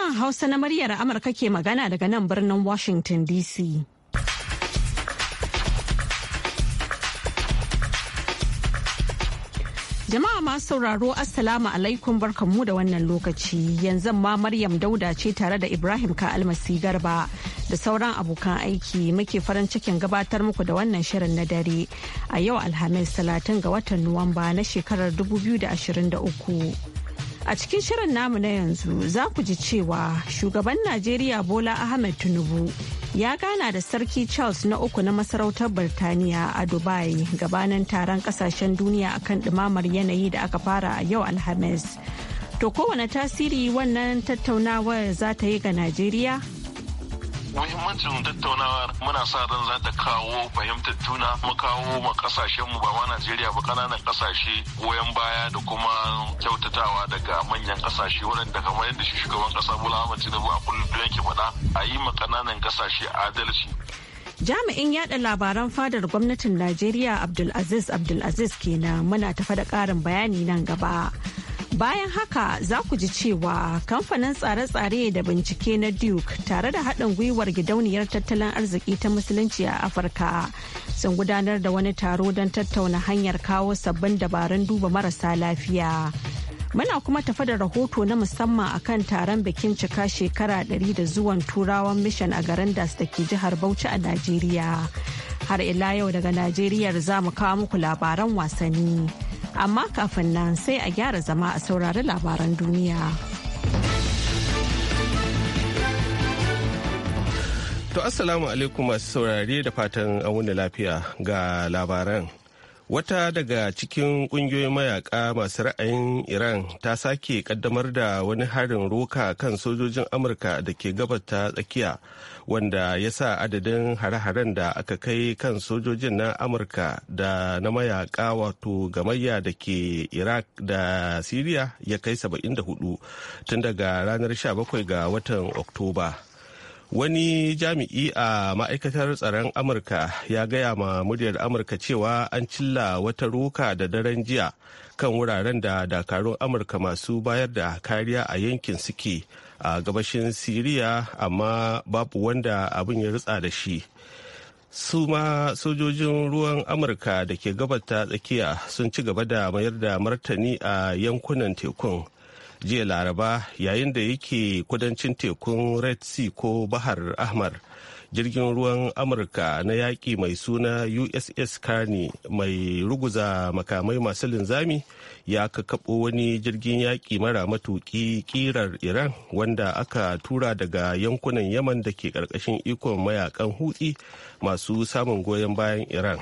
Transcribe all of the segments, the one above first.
Sashen Hausa na muryar Amurka ke magana daga nan birnin Washington DC. Jama'a ma sauraro Assalamu alaikum barkanmu da wannan lokaci yanzu ma Maryam Dauda ce tare da Ibrahim ka almasi garba da sauran abokan aiki muke farin cikin gabatar muku da wannan shirin na dare a yau Alhamis 30 ga watan Nuwamba na shekarar 2023. A cikin shirin namu na yanzu za ku ji cewa shugaban Najeriya Bola Ahmed Tinubu ya gana da Sarki Charles na uku na masarautar Birtaniya a Dubai gabanin taron kasashen duniya akan ɗumamar yanayi da aka fara a yau Alhamis. To kowane tasiri wannan tattaunawar za ta yi ga Najeriya? muhimmancin tattaunawar muna sa ran za ta kawo fahimtar juna mu kawo ma kasashen mu ba ma Najeriya ba kananan kasashe goyon baya da kuma kyautatawa daga manyan kasashe waɗanda kamar yadda shi shugaban kasa Bola Ahmed Tinubu a kullum yake faɗa a yi ma kananan kasashe adalci jami'in yada labaran fadar gwamnatin najeriya abdulaziz abdulaziz kenan muna tafa da karin bayani nan gaba Bayan haka za ku ji cewa kamfanin tsare-tsare da bincike na Duke tare da haɗin gwiwar gidauniyar tattalin arziki ta musulunci a Afirka sun gudanar da wani taro don tattauna hanyar kawo sabbin dabarun duba marasa lafiya. Muna kuma tafa da rahoto na musamman a kan taron bikin cika shekara 100 da zuwan turawan mission a garin Das da ke jihar Bauchi a Najeriya. Har ila yau daga Najeriya za mu kawo muku labaran wasanni. amma kafin nan sai a gyara zama a saurari labaran duniya. To Assalamu alaikum masu saurari da fatan an wuni lafiya ga labaran. wata daga cikin kungiyoyin mayaka masu ra'ayin iran ta sake kaddamar da wani harin roka kan sojojin amurka da ke gabata tsakiya wanda ya sa adadin hare-haren da aka kai kan sojojin na amurka da na mayaka wato gamayya da ke iraq da siriya ya kai 74 tun daga ranar 17 ga watan oktoba wani jami'i a ma'aikatar tsaron amurka ya gaya ma muryar amurka cewa an cilla wata roka da daren jiya kan wuraren da dakarun amurka masu bayar da kariya a yankin suke a gabashin siriya amma babu wanda abin ya rutsa da shi su ma sojojin ruwan amurka da ke gabata tsakiya sun ci gaba da mayar da martani a yankunan tekun jiya laraba yayin da yake kudancin tekun red sea ko bahar ahmar jirgin ruwan amurka na yaƙi mai suna uss carney mai ruguza makamai masu linzami ya kakaɓo wani jirgin yaƙi mara matuƙi ƙirar iran wanda aka tura daga yankunan yaman da ke ƙarƙashin ikon mayakan hutsi masu samun goyon bayan iran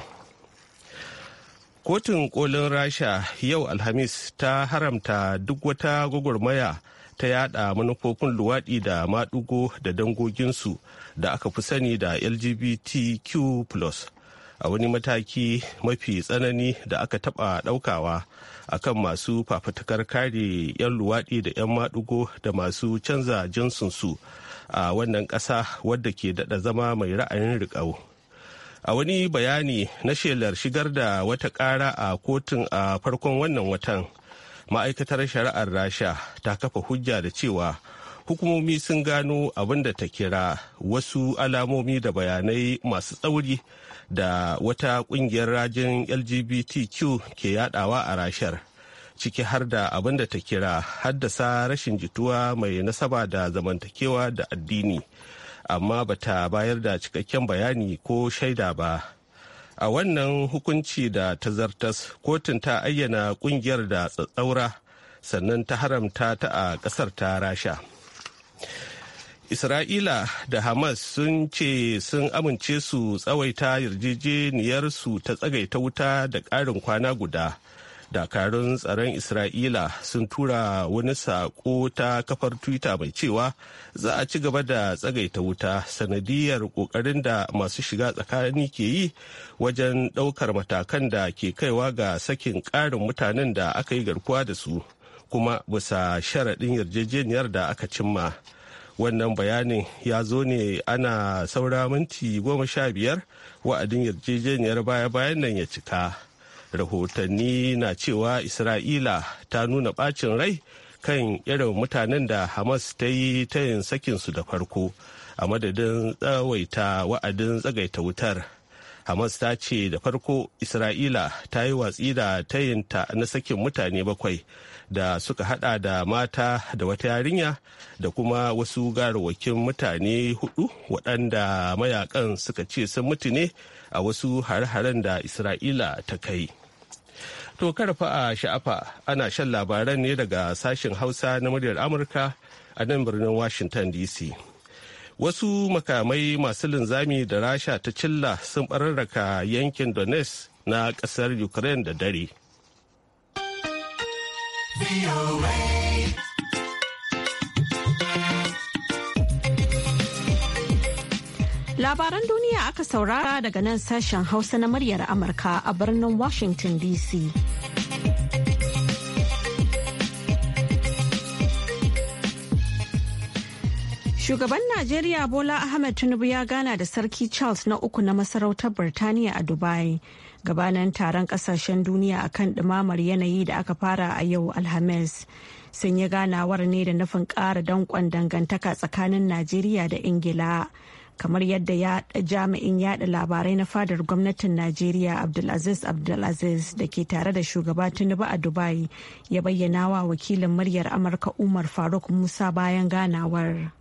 Kotun kolin Rasha yau Alhamis ta haramta duk wata gwagwarmaya ta yada manufofin luwaɗi da maɗugo da dangoginsu da aka fi sani da LGBTQ+. a wani mataki mafi tsanani da aka taɓa ɗaukawa a kan masu fafatakar kare 'yan luwaɗi da 'yan maɗugo da masu canza jinsinsu a wannan ƙasa wadda ke daɗa zama mai ra'ayin riƙau. a wani bayani na shelar shigar da wata ƙara a kotun a farkon wannan watan ma'aikatar shari'ar rasha ta kafa hujja da cewa hukumomi sun gano abin da ta kira wasu alamomi da bayanai masu tsauri da wata kungiyar rajin lgbtq ke yadawa a rashar ciki har da abin da ta kira haddasa rashin jituwa mai nasaba da zamantakewa da addini amma bata bayar da cikakken bayani ko shaida ba a wannan hukunci da ta zartas kotun ta ayyana kungiyar da tsatsaura sannan ta haramta ta a ƙasar ta rasha isra'ila da hamas sun ce sun amince su tsawaita yarjejeniyarsu ta tsagaita wuta da ƙarin kwana guda dakarun tsaron isra'ila sun tura wani sako ta kafar twitter mai cewa za a ci gaba da tsagaita wuta sanadiyar kokarin da masu shiga tsakani ke yi wajen daukar matakan da ke kaiwa ga sakin karin mutanen da aka yi garkuwa da su kuma bisa sharaɗin yarjejeniyar da aka cimma wannan bayanin ya zo ne ana saura minti goma sha biyar wa'adin yarjejeniyar baya-bayan nan ya cika rahotanni na cewa isra'ila ta nuna bacin rai kan irin mutanen da hamas ta yi tayin sakinsu da farko a madadin tsawaita wa'adin tsagaita wutar hamas ta ce da farko isra'ila ta yi watsi da tayinta na sakin mutane bakwai da suka hada da mata da wata yarinya da kuma wasu garawakin mutane hudu waɗanda mayakan suka ce sun mutu ne a wasu hare-haren da isra'ila ta kai to karfa a sha'afa ana shan labaran ne daga sashen hausa na muryar amurka a nan birnin washington dc wasu makamai masu linzami da rasha ta cilla sun bararraka yankin donetsk na ƙasar ukraine da dare Labaran duniya aka saurara daga nan sashen Hausa na muryar Amurka a birnin Washington DC. Shugaban Najeriya Bola Ahmed Tinubu ya gana da Sarki Charles na uku na masarautar Birtaniya a Dubai gabanin taron kasashen duniya a kan ɗumamar yanayi da aka fara a yau alhamis sun yi ganawar ne da nufin ƙara danƙon dangantaka tsakanin najeriya da ingila kamar yadda ya jami'in yada labarai na fadar gwamnatin najeriya abdulaziz abdulaziz da ke tare da shugaba tinubu a dubai ya bayyana wa wakilin muryar amurka umar faruk musa bayan ganawar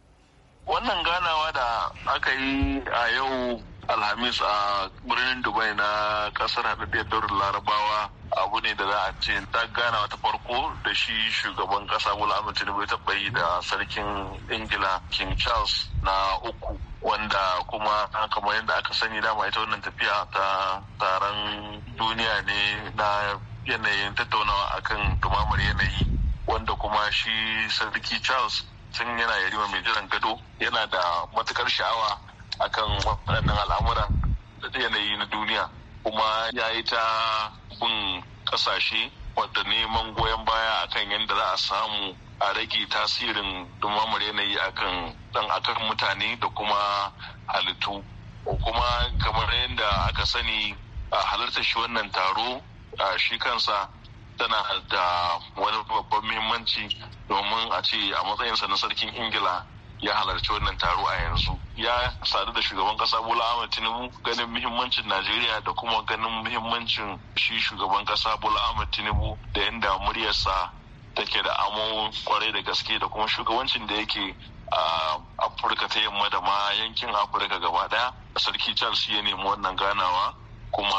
wannan ganawa da aka yi a yau alhamis a birnin dubai na kasar haɗaɗɗiyar daular larabawa abu ne da za a ce ta gana wata farko da shi shugaban kasa bola ahmed tinubu ya taɓa yi da sarkin ingila king charles na uku wanda kuma kamar yadda aka sani dama ita wannan tafiya ta taron duniya ne na yanayin tattaunawa akan dumamar yanayi wanda kuma shi sarki charles tun yana yarima mai jiran gado yana da matukar sha'awa akan waɗannan al'amura da yanayi na duniya kuma ya yi ta bin ƙasashe wadda neman goyon baya akan yadda za a samu a rage tasirin dumamar yanayi akan dan akan mutane da kuma halittu kuma kamar yadda aka sani a halarta shi wannan taro a shi kansa tana da wani babban muhimmanci domin a ce a matsayinsa na sarkin ingila ya halarci wannan taro a yanzu ya sadu da shugaban kasa bola ahmed tinubu ganin muhimmancin najeriya da kuma ganin muhimmancin shi shugaban kasa bola ahmed tinubu da yadda muryarsa take da amo kwarai da gaske da kuma shugabancin da yake a afirka ta yamma da ma yankin afirka gaba daya sarki charles ya nemi wannan ganawa kuma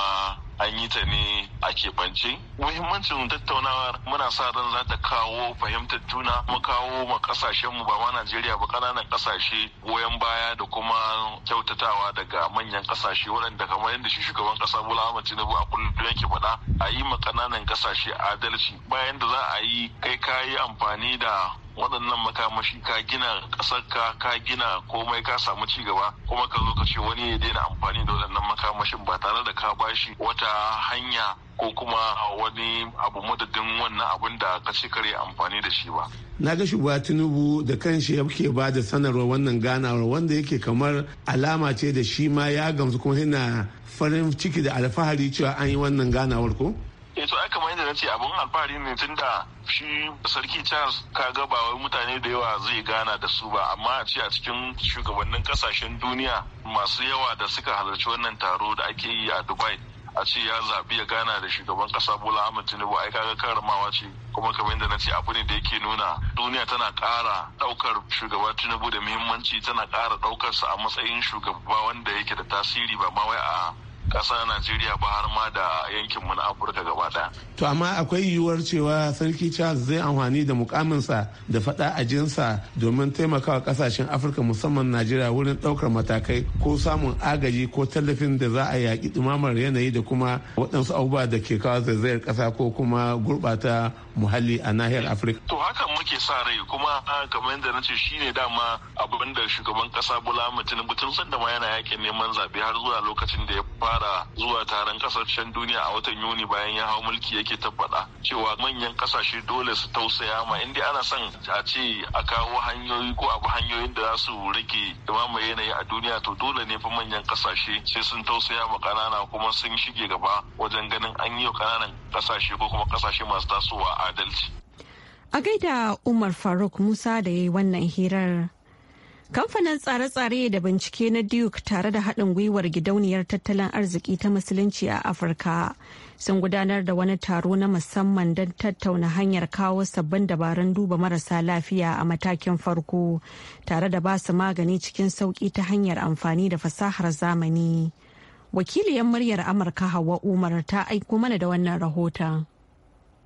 an yi ta ne a keɓance. Muhimmancin tattaunawar muna sa ran za ta kawo fahimtar juna mu kawo ma kasashen mu ba ma Najeriya ba ƙananan ƙasashe goyon baya da kuma kyautatawa daga manyan ƙasashe waɗanda kamar yadda shi shugaban ƙasa Bola Ahmed Tinubu a kullum yake faɗa a yi ma ƙananan kasashe adalci bayan da za a yi kai ka yi amfani da waɗannan makamashi ka gina ƙasar ka ka gina komai ka samu ci gaba kuma ka zo ka ce wani ya daina amfani da waɗannan makamashin ba tare da ka bashi wata hanya ko kuma wani abu madadin wannan abin da ka ce kare amfani da shi ba. Na ga shugaba Tinubu da kanshi ke ba da sanarwa wannan ganawar wanda yake kamar alama ce da shi ma ya gamsu kuma yana farin ciki da alfahari cewa an yi wannan ganawar ko? e to ai kamar da na ce abun alfahari ne da shi sarki charles kaga ba wai mutane da yawa zai gana da su ba amma a ce a cikin shugabannin kasashen duniya masu yawa da suka halarci wannan taro da ake yi a dubai a ce ya zaɓi ya gana da shugaban ƙasa bola ahmad tinubu ai kaga karamawa ce kuma kamar yadda na ce abu ne da yake nuna duniya tana kara ɗaukar shugaba tinubu da muhimmanci tana ƙara ɗaukarsa a matsayin shugaba wanda yake da tasiri ba ma wai a ƙasa Najeriya ba har ma da yankin mu na Afirka gaba To amma akwai yiwuwar cewa Sarki Charles zai amfani da mukaminsa da faɗa a jinsa domin taimakawa ƙasashen Afirka musamman Najeriya wurin ɗaukar matakai ko samun agaji ko tallafin da za a yaƙi dumamar yanayi da kuma waɗansu abubuwa da ke kawo zaizayar ƙasa ko kuma gurɓata muhalli a nahiyar Afirka. To haka muke sa rai kuma kamar yadda na ce shine dama abin da shugaban ƙasa Bola Tinubu tun sanda ma yana yakin neman zaɓe har zuwa lokacin da ya fara zuwa taron kasashen duniya a watan yuni bayan ya hau mulki yake tabbata cewa manyan kasashe dole su tausaya ma inda ana son a ce a kawo hanyoyi ko abu hanyoyin da za su rage dumama yanayi a duniya to dole ne fa manyan kasashe sai sun tausaya ma kanana kuma sun shige gaba wajen ganin an yi wa kananan kasashe ko kuma kasashe masu tasowa adalci. A gaida Umar Faruk Musa da ya yi wannan hirar. Kamfanin tsare-tsare da bincike na Duke tare da haɗin gwiwar gidauniyar tattalin arziki ta musulunci a Afirka sun gudanar da wani taro na musamman don tattauna hanyar kawo sabbin dabarun duba marasa lafiya a matakin farko tare da basu magani cikin sauƙi ta hanyar amfani da fasahar zamani. Wakiliyar muryar Amurka Hawa Umar ta aiko mana da wannan rahoton.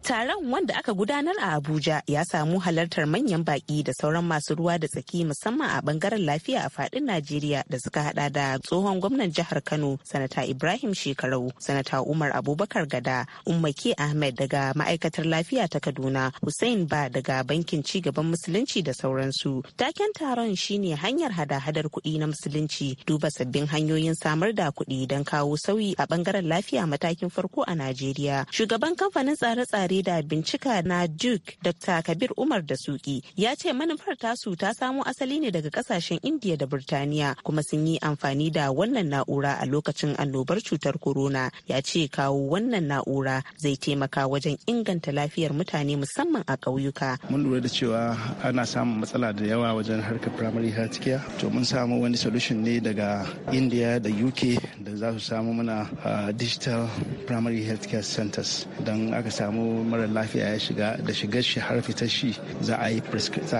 Taron wanda aka gudanar a Abuja ya samu halartar manyan baƙi da sauran masu ruwa da tsaki musamman a bangaren lafiya a fadin Najeriya da suka hada da tsohon gwamnan jihar Kano sanata Ibrahim Shekarau, sanata Umar Abubakar Gada, Ummaki Ahmed daga ma'aikatar lafiya ta Kaduna, Hussein Ba daga bankin ci gaban musulunci da sauransu. Taken taron shine hanyar hada-hadar kuɗi na musulunci, duba sabbin hanyoyin samar da kuɗi don kawo sauyi a bangaren lafiya matakin farko a Najeriya. Shugaban kamfanin tsare-tsare jarida bincika na Duke Dr. Kabir Umar da Suki ya ce manufar tasu ta samo asali ne daga kasashen Indiya da Birtaniya kuma sun yi amfani da wannan na'ura a lokacin annobar cutar corona ya ce kawo wannan na'ura zai taimaka wajen inganta lafiyar mutane musamman a ƙauyuka. Mun lura da cewa ana samun matsala da yawa wajen harkar primary health care to mun samu wani solution ne daga indiya da UK da za su samu mana ah, digital primary health care centers don aka samu mara lafiya ya shiga da shigar shi har fitar shi za a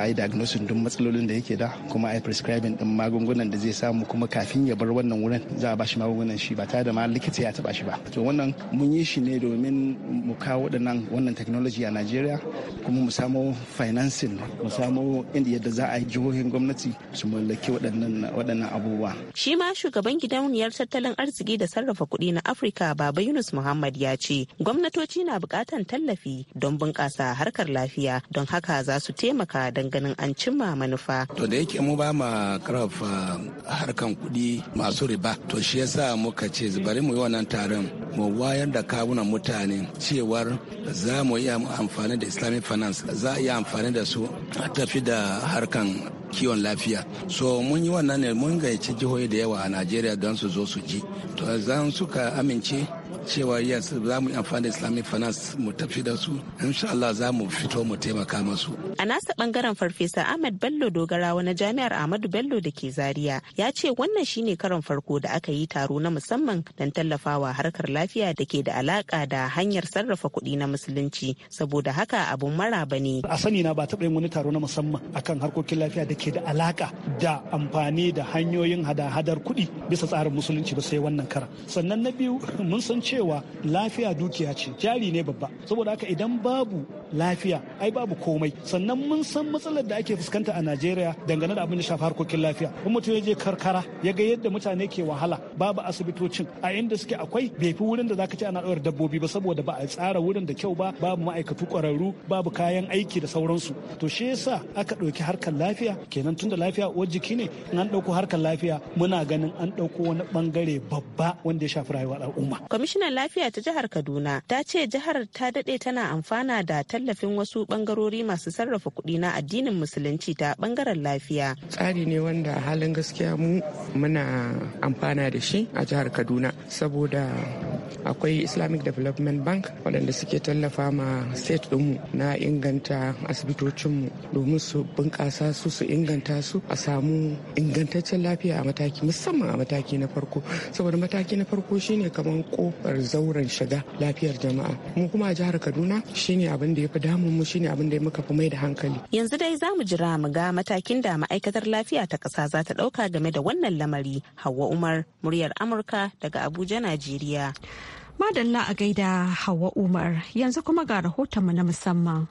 yi diagnosis duk matsalolin da yake da kuma a yi prescribing din magungunan da zai samu kuma kafin ya bar wannan wurin za a bashi magungunan shi ba tare da ma likita ya taba shi ba to wannan mun yi shi ne domin mu kawo waɗannan wannan technology a Najeriya kuma mu samo financing mu samo inda yadda za a yi jihohin gwamnati su mallaki waɗannan abubuwa shi ma shugaban gidauniyar tattalin arziki da sarrafa kuɗi na Afirka Baba Yunus Muhammad ya ce gwamnatoci na buƙatar tallafi tallafi don bunƙasa harkar lafiya don haka za su taimaka don ganin an cimma manufa. To da yake mu ba ma karfafa harkan kuɗi masu riba to shi yasa muka ce bari mu yi wannan taron mu wayar da kawunan mutane cewar za mu iya amfani da islamic finance za a iya amfani da su a tafi da harkan kiwon lafiya so mun yi wannan ne mun gayyaci jihohi da yawa a najeriya don su zo su ji to zan suka amince cewa yes za mu amfani da islamic finance mu tafi da su insha Allah za mu fito mu taimaka masu. a nasa bangaren farfesa ahmed bello dogarawa na jami'ar ahmadu bello da ke zaria ya ce wannan shine karon farko da aka yi taro na musamman don tallafawa harkar lafiya da ke da alaka da hanyar sarrafa kuɗi na musulunci saboda haka abun maraba ne a sani na ba taɓa yin wani taro na musamman akan harkokin lafiya da ke da alaka da amfani da hanyoyin hada-hadar kuɗi bisa tsarin musulunci ba sai wannan kara sannan na biyu mun san cewa lafiya dukiya ce jari ne babba saboda haka idan babu lafiya ai babu komai sannan mun san matsalar da ake fuskanta a najeriya dangane da abin da shafi harkokin lafiya in mutum ya je karkara ya ga yadda mutane ke wahala babu asibitocin a inda suke akwai bai fi wurin da zaka ce ana ɗaukar dabbobi ba saboda ba a tsara wurin da kyau ba babu ma'aikatu ƙwararru babu kayan aiki da sauransu to shi yasa aka ɗauki harkar lafiya kenan tunda lafiya uwar jiki ne in an ɗauko harkar lafiya muna ganin an ɗauko wani ɓangare babba wanda ya shafi rayuwar al'umma Kwamishinan lafiya ta jihar Kaduna ta ce jihar ta daɗe tana amfana da tallafin wasu bangarori masu sarrafa kuɗi na addinin musulunci ta bangaren lafiya. Tsari ne wanda halin gaskiya mu muna amfana da shi a jihar Kaduna saboda akwai Islamic Development Bank waɗanda suke tallafa ma state ɗinmu na inganta asibitocinmu domin su bunƙasa su su inganta su a samu ingantaccen lafiya a mataki musamman a mataki na farko saboda mataki na farko shine kamar kofar harkar zauren shiga lafiyar jama'a mu kuma a jihar kaduna shine abin da ya fi damun mu shine abin da ya muka fi mai da hankali yanzu dai za mu jira mu ga matakin da ma'aikatar lafiya ta ƙasa za ta ɗauka game da wannan lamari hawa umar muryar amurka daga abuja najeriya madalla a gaida hawa umar yanzu kuma ga rahotonmu na musamman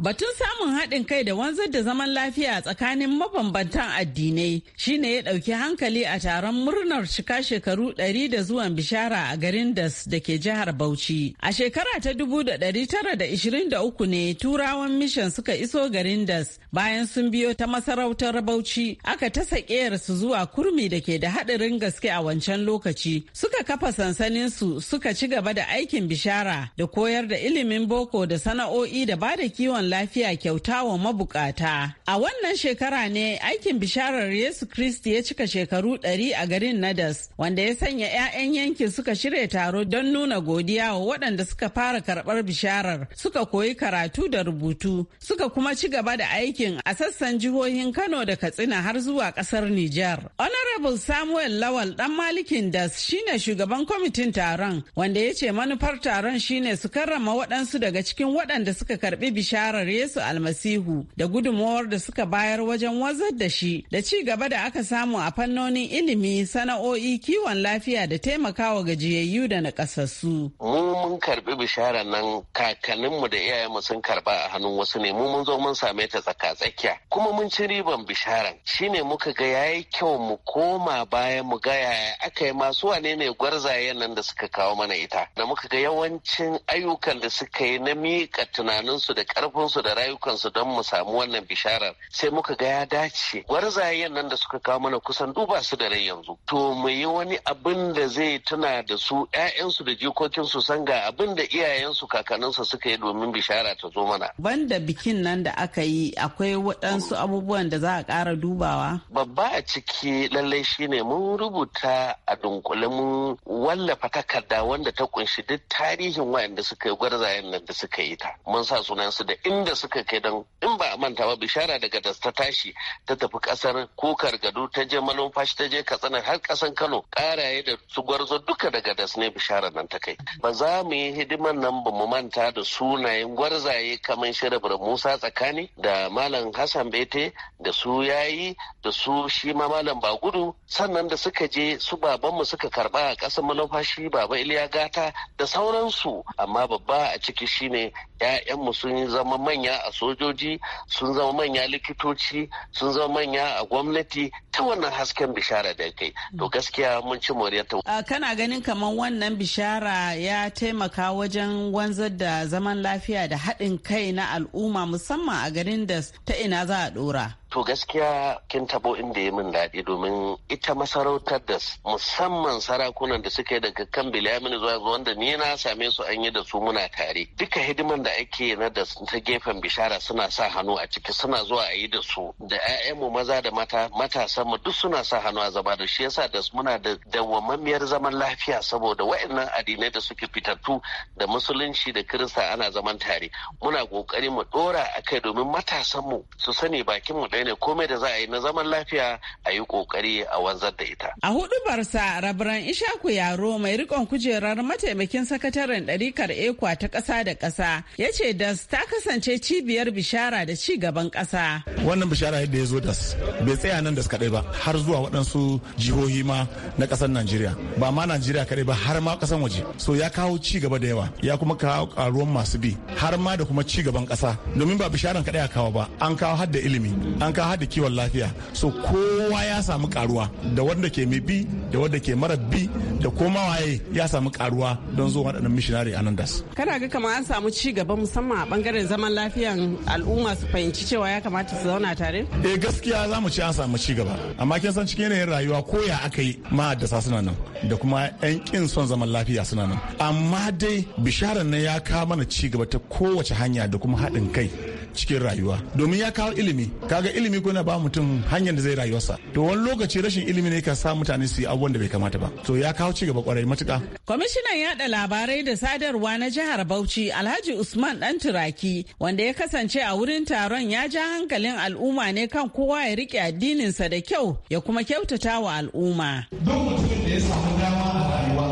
Batun samun haɗin kai da wanzar da zaman lafiya tsakanin mabambantan addinai shine ya ɗauki hankali a taron murnar cika shekaru 100 da zuwan bishara a garin Das da ke jihar Bauchi. A shekara ta 1923 ne turawan mishan suka iso garin Das bayan sun biyo ta masarautar Bauchi aka ta su zuwa kurmi da ke da haɗarin gaske a wancan lokaci. Suka kafa sansanin su suka ci gaba da aikin bishara da koyar da ilimin boko da sana'o'i da ba da kiwon lafiya kyauta wa mabukata. A wannan shekara ne aikin bisharar Yesu Kristi ya cika shekaru ɗari a garin Nadas, wanda ya sanya 'ya'yan yankin suka shirya taro don nuna godiya wa waɗanda suka fara karɓar bisharar, suka koyi karatu da rubutu, suka kuma ci gaba da aikin a sassan jihohin Kano da Katsina har zuwa ƙasar Nijar. Honorable Samuel Lawal ɗan Malikin Das shine shugaban kwamitin taron, wanda ya ce manufar taron shine su karrama waɗansu daga cikin waɗanda suka karɓi bisharar nasarar Yesu Almasihu da gudunmuwar da suka bayar wajen wazar da shi da ci gaba da aka samu a fannonin ilimi, sana'o'i, kiwon lafiya da taimakawa gajiyayyu da nakasassu. Mu mun karbi bishara nan kakanninmu da mu sun karba a hannun wasu ne mu mun zo mun same ta tsaka-tsakiya kuma mun ci riban bisharan shine muka ga yayi kyau mu koma baya mu ga yaya aka yi masu wane ne gwarzayen nan da suka kawo mana ita da muka ga yawancin ayyukan da suka yi na miƙa tunaninsu da ƙarfin karfinsu da rayukansu don mu samu wannan bisharar sai muka ga ya dace gwarzayen nan da suka kawo mana kusan duba su da rai yanzu to mu yi wani abin da zai tuna da su 'ya'yansu da jikokinsu san ga abin da iyayensu kakanninsu suka yi domin bishara ta zo mana banda bikin nan da aka yi akwai waɗansu abubuwan da za a ƙara dubawa babba a ciki lallai shine mun rubuta a dunkule wallafa takarda wanda ta kunshi duk tarihin waɗanda suka yi gwarzayen nan da suka yi ta mun sa sunansu da inda suka kai don in ba manta ba bishara daga da ta tashi ta tafi kasar kokar gado ta je malumfashi ta je katsina har kasan kano karaye da su gwarzo duka daga das ne bishara nan ta kai ba za mu yi hidiman nan ba mu manta da sunayen gwarzaye kamar shirabar musa tsakani da malam hassan bete da su yayi da su shi ma malam bagudu sannan da suka je su babanmu suka karba a kasan malumfashi baba iliya gata da sauransu amma babba a ciki shine 'ya'yanmu sun zama manya a sojoji sun zama manya likitoci sun zama manya a gwamnati ta wannan hasken bishara da kai to gaskiya mun ci moriyarta. kana ganin kamar wannan bishara ya taimaka wajen wanzar da zaman lafiya da haɗin kai na al'umma musamman a garin da ta ina za a ɗora. To gaskiya kin tabo inda ya min daɗi domin ita masarautar da musamman sarakunan da suka yi daga kan Bilamini zuwa wanda ni na same su an yi da su muna tare. Duka hidiman da ake na da ta gefen bishara suna sa hannu a ciki suna zuwa a yi da su da 'ya'yanmu maza da mata matasan mu duk suna sa hannu a zama da shi yasa da muna da dawwammamiyar zaman lafiya saboda waɗannan addinai da suke fitattu da musulunci da kirista ana zaman tare. Muna ƙoƙari mu ɗora a kai domin matasan mu su sani bakin mu ɗaya kokari ne komai da za a yi na zaman lafiya a yi kokari a wanzar da ita. A hudubarsa rabaran Ishaku Yaro mai rikon kujerar mataimakin sakataren ɗarikar ekwa ta ƙasa da ƙasa ya ce DAS ta kasance cibiyar bishara da ci gaban ƙasa. Wannan bishara yadda ya zo DAS bai tsaya nan DAS kaɗai ba har zuwa waɗansu jihohi ma na ƙasar Najeriya ba ma Najeriya kaɗai ba har ma ƙasan waje so ya kawo ci gaba da yawa ya kuma kawo ƙaruwan masu bi har ma da kuma ci gaban ƙasa domin ba bisharan kaɗai a kawo ba an kawo har da ilimi an an ka hada kiwon lafiya so kowa ya samu karuwa da wanda ke mai bi da wanda ke mara bi da koma waye ya samu karuwa don zuwa waɗannan missionary a nan das kana ga kamar an samu ci gaba musamman a bangaren zaman lafiyan al'umma su fahimci cewa ya kamata su zauna tare eh gaskiya za mu ci an samu ci gaba amma kin san cikin yanayin rayuwa ko ya aka yi ma'addasa suna nan da kuma 'yan kin son zaman lafiya suna nan amma dai bisharar nan ya kawo mana ci gaba ta kowace hanya da kuma haɗin kai cikin rayuwa domin ya kawo ilimi kaga ilimi ko na ba mutum hanyar da zai rayuwarsa to wani lokaci rashin ilimi ne ka sa mutane su yi abubuwan da bai kamata ba to ya kawo ci gaba kwarai matuka kwamishinan yada labarai da sadarwa na jihar Bauchi Alhaji Usman dan Turaki wanda ya kasance a wurin taron ya ja hankalin al'umma ne kan kowa ya rike addininsa da kyau ya kuma kyautata wa al'umma duk mutumin da ya samu dama a rayuwa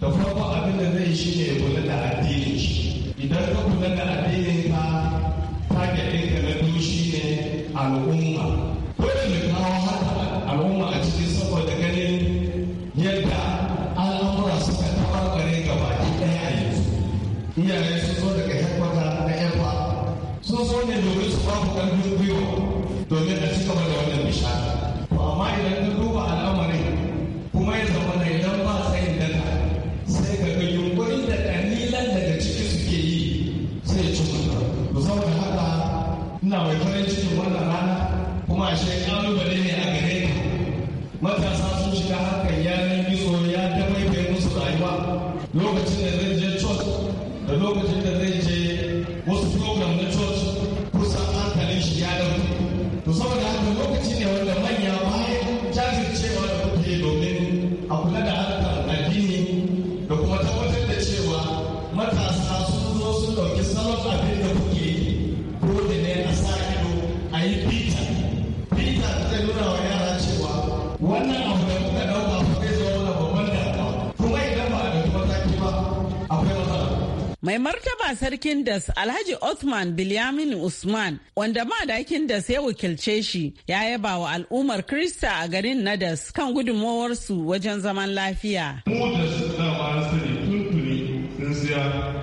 da farko abin da zai shi ne ya kula da addinin shi idan ka kula da iyaye sun zo daga hekwata na ekwa sun so ne domin su ba ku ƙarfin gwiwa domin a ci gaba da wannan nishadi to amma idan ka duba al'amarin kuma ya zama na idan ba sayin data sai ka ga yunkurin da ƙalilan daga ciki suke yi sai ci mutu to da haka ina mai farin cikin wannan rana kuma a shi ƙalubale ne a gare ka matasa sun shiga harkar yanar gizo ya dabaibaye musu rayuwa lokacin Mai martaba sarkin das Alhaji Othman Bilyamin Usman wanda ma dakin das ya wakilce shi ya yaba wa al'ummar Krista a garin na das kan gudunmowarsu wajen zaman lafiya. Mu da sani tuntuni sun siya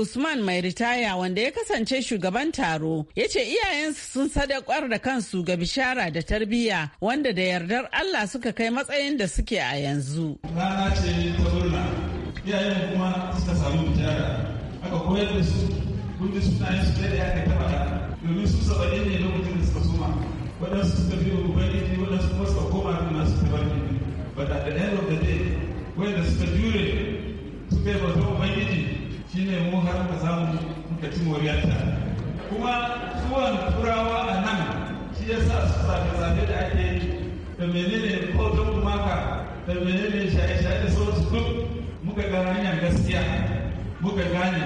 Usman mai ritaya wanda ya kasance shugaban taro ya ce iyayensu sun sadakwar da kansu ga bishara da tarbiyya wanda da yardar Allah suka kai matsayin da suke a yanzu. Rana ce ta murna, iyayen kuma suka samu bishara, aka koyar da su, kun sunayen su da ya kai taba domin su saba ne lokacin moriyarta kuma zuwan turawa a nan shi ya sa su sami zaɓe da ake yi da menene kodin gumaka da menene shaye-shaye da sauransu duk muka ga hanyar gaskiya muka gane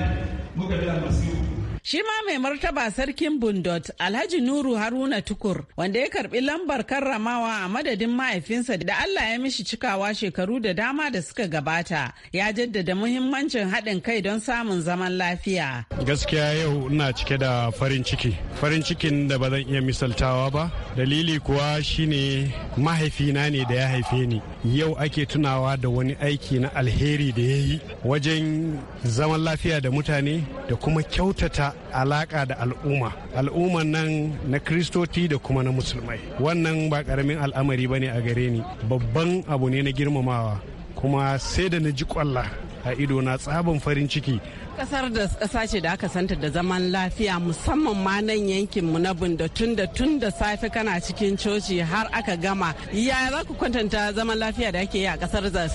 muka bi almasihu Shi ma mai martaba sarkin Bundot Alhaji Nuru Haruna Tukur wanda ya karbi lambar karramawa a madadin mahaifinsa da Allah ya mishi cikawa shekaru da dama da suka gabata ya jaddada muhimmancin haɗin kai don samun zaman lafiya. Gaskiya yau ina cike da farin ciki. Farin cikin da ba zan iya misaltawa ba. Dalili kuwa shine mahaifina ne da ya haife ni. Yau ake tunawa da wani aiki na alheri da ya yi wajen zaman lafiya da mutane da kuma kyautata alaka da al'umma al'umman nan na kristoci da kuma na musulmai wannan ba karamin al'amari ba ne a gare ni babban abu ne na girmamawa kuma sai da na ji kwalla a ido na tsaban farin ciki kasar da kasa ce da aka santa da zaman lafiya musamman ma nan yankin mu na bunda tun da tun da safe kana cikin coci har aka gama ya za ku kwatanta zaman lafiya da ake yi a kasar zas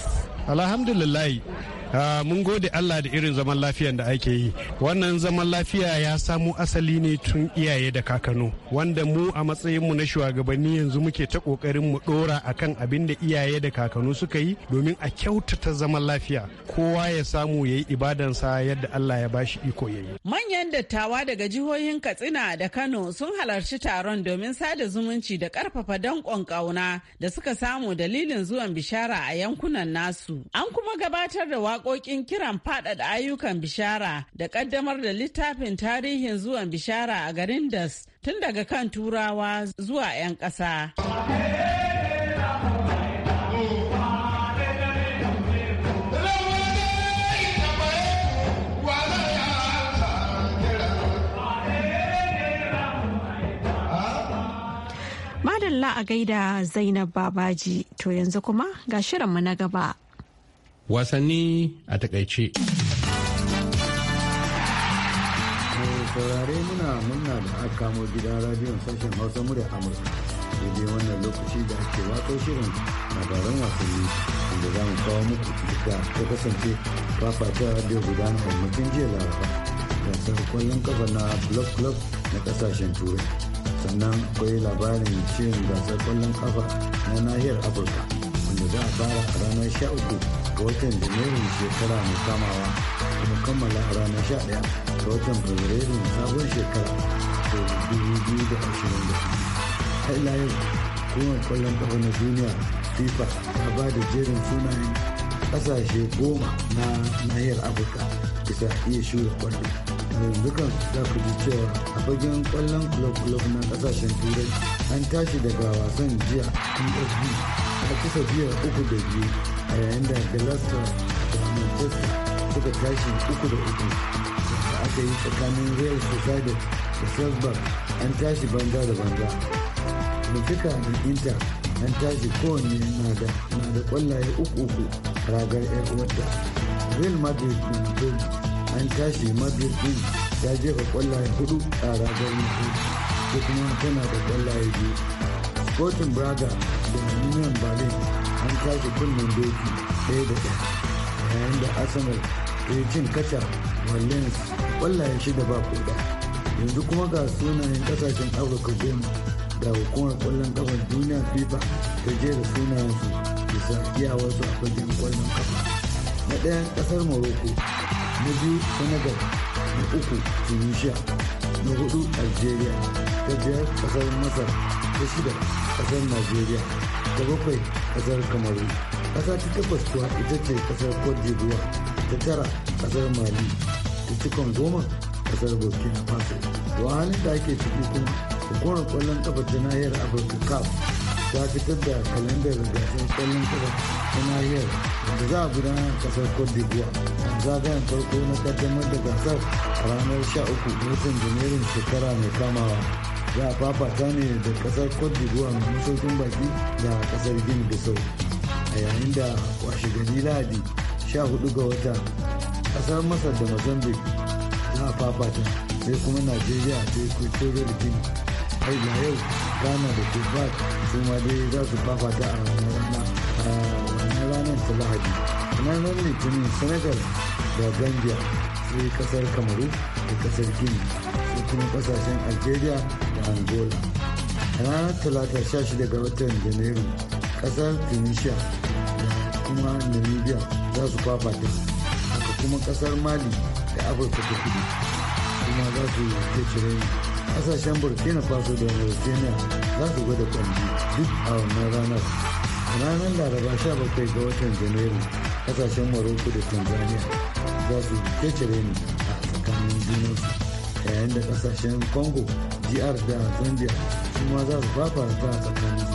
alhamdulillah Ah, mun gode Allah da irin zaman lafiyan da ake yi wannan zaman lafiya ya samu asali ne tun iyaye da kakano wanda mu a matsayinmu na shugabanni yanzu muke ta kokarin mu dora akan abin da iyaye da kakano suka yi domin a kyautata zaman lafiya kowa ya samu yayi ibadansa yadda Allah ya bashi iko yayi manyan dattawa daga jihohin Katsina da Kano sun halarci taron domin sada zumunci da karfafa dankon kauna da suka samu dalilin zuwan bishara a yankunan nasu an kuma gabatar da waƙoƙin kiran faɗaɗa ayyukan bishara da ƙaddamar da littafin tarihin zuwan bishara a garin Das tun daga kan turawa zuwa 'yan ƙasa. Madalla a gaida Zainab Babaji to yanzu kuma ga shirinmu na gaba. wasanni a takaice. saurare muna murna da aka kamo gidan radiyon sashen hausa murya amurka daidai wannan lokaci da ake wato shirin labaran wasanni inda za mu kawo muku cikin ta kasance ta radiyo guda na yammacin jiya laraba gasar kwallon kafa na club club na kasashen turai sannan akwai labarin shirin gasar kwallon kafa na nahiyar afirka za a fara a ranar 13 ga watan janairun shekara mai kamawa kuma kammala a ranar 11 ga watan fabrairun sabon shekara ta da har ila yau kuma kwallon kafa na duniya fifa ta ba da jerin sunayen kasashe goma na nahiyar afirka bisa iya shura kwallo yanzu kan za ku ji cewa a fagen kwallon kulob-kulob na kasashen turai an tashi daga wasan jiya psv a kusa biya uku da biyu a yayin da galatasaray da manchester suka tashi uku da uku da aka yi tsakanin real sociedad da salzburg an tashi banza da banza benfica da inter an tashi kowanne na da na da kwallaye uku uku ragar yan wata real madrid da madrid an tashi madrid din ta jefa kwallaye hudu a ragar mutu ko kuma tana da kwallaye biyu kotun braga da union berlin an tashi kunnen doki ɗaya da ɗaya yayin da arsenal ke cin kaca berlin kwallaye shida ba koda yanzu kuma ga sunayen kasashen afirka goma da hukumar kwallon kafar duniya fifa ta jera sunayensu bisa iyawarsu a fagen kwallon kafa na ɗaya ƙasar morocco na biyu senegal na uku tunisia na hudu algeria ta biyar ƙasar masar ta shida kasar najeriya da bakwai kasar kamaru kasa ta takwas kuwa ita ce kasar cote d'ivoire ta tara kasar mali ta cikon goma kasar burkina faso da halin da ake ciki kuma hukumar kwallon kafa ta nahiyar afirka caf ta fitar da kalandar gasar kwallon kafa ta nahiyar da za a gudanar kasar cote d'ivoire zagayen farko na kaddamar da gasar a ranar 13 watan janairun shekara mai kamawa za a fafata ne da kasar cote d'ivoire masaukin baki da kasar gini bissau a yayin da washe gari lahadi 14 ga wata kasar masar da mozambique za a fafata sai kuma najeriya da yi equatorial guinea har da yau ghana da quebec su ma dai za su fafata a wannan ranar ta lahadi ranar litinin senegal da gambia sai kasar kamaru da kasar guinea sai kuma kasashen algeria angola ranar talata shida ga watan janairu kasar tunisia da kuma namibia za su fafata haka kuma kasar mali da afirka ta kudu kuma za su ke cire kasashen burkina faso da mauritania za su gwada kwalli duk a wannan ranar ranar laraba bakwai ga watan janairu kasashen morocco da tanzania za su ke cire a tsakanin junansu yayin da kasashen congo dr da zambia kuma za su fafa da a tsakanin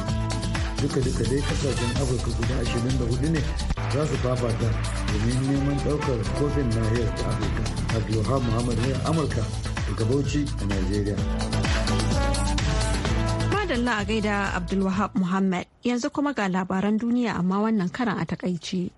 duka duka dai kasashen afirka guda ashirin da hudu ne za su fafata domin neman ɗaukar kofin nahiyar afirka abdulhamid muhammad ne amurka daga bauchi a nigeria madalla a gaida abdulwahab muhammad yanzu kuma ga labaran duniya amma wannan karan a taƙaice.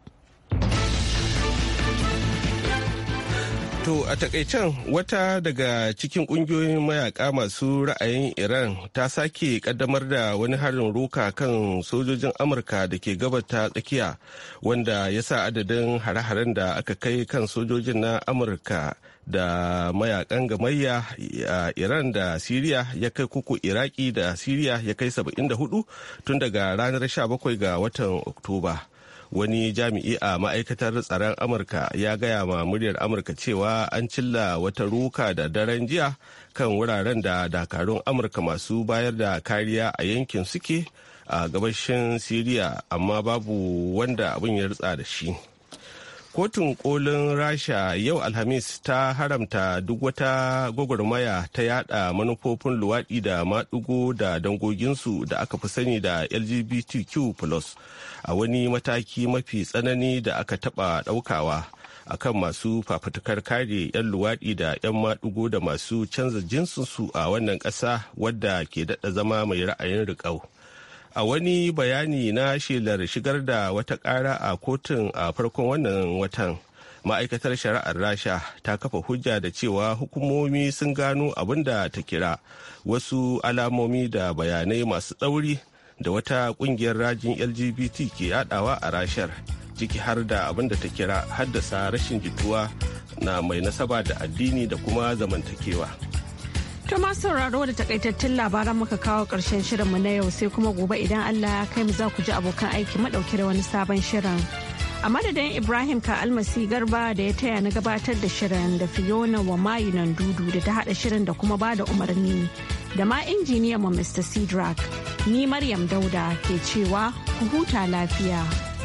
To a takaicen wata daga cikin kungiyoyin mayaka masu ra'ayin Iran ta sake kaddamar da wani harin roka kan sojojin Amurka da ke gabata tsakiya wanda ya sa adadin hare-haren da aka kai kan sojojin na Amurka da mayakan gamayya a Iran da Siriya ya kai kuku Iraki da Siriya ya kai 74 tun daga ranar 17 ga watan Oktoba. wani jami'i a ma'aikatar tsaron amurka ya gaya ma muryar amurka cewa an cilla wata ruka da daren jiya kan wuraren da dakarun amurka masu bayar da kariya a yankin suke a gabashin siriya amma babu wanda abin ya rutsa da shi kotun kolin rasha yau alhamis ta haramta duk wata gwagwarmaya ta yada manufofin luwaɗi da maɗigo da dangoginsu da aka fi sani da lgbtq a wani mataki mafi tsanani da aka taɓa ɗaukawa akan masu fafutukar kare 'yan luwaɗi da 'yan maɗigo da masu canza jinsinsu a wannan ƙasa wadda ke daɗa zama mai ra'ayin rikau. a wani bayani na shelar shigar da wata ƙara a kotun a farkon wannan watan ma'aikatar shari'ar rasha ta kafa hujja da cewa hukumomi sun gano abin da ta kira wasu alamomi da bayanai masu tsauri da wata ƙungiyar rajin lgbt ke yadawa a rashar ciki har da abin da ta kira haddasa rashin jituwa na mai nasaba da addini da kuma zamantakewa. To masu sauraro da takaitattun labaran muka kawo karshen shirinmu na yau sai kuma gobe idan Allah ya kai mu za ku ji abokan aiki madauke da wani sabon shirin. A madadin Ibrahim ka almasi garba da ya taya na gabatar da shirin da Fiona wa mayinan dudu da ta haɗa shirin da kuma ba da umarni da ma injiniyan mu Mr. Sidrak. Ni Maryam Dauda ke cewa ku huta lafiya.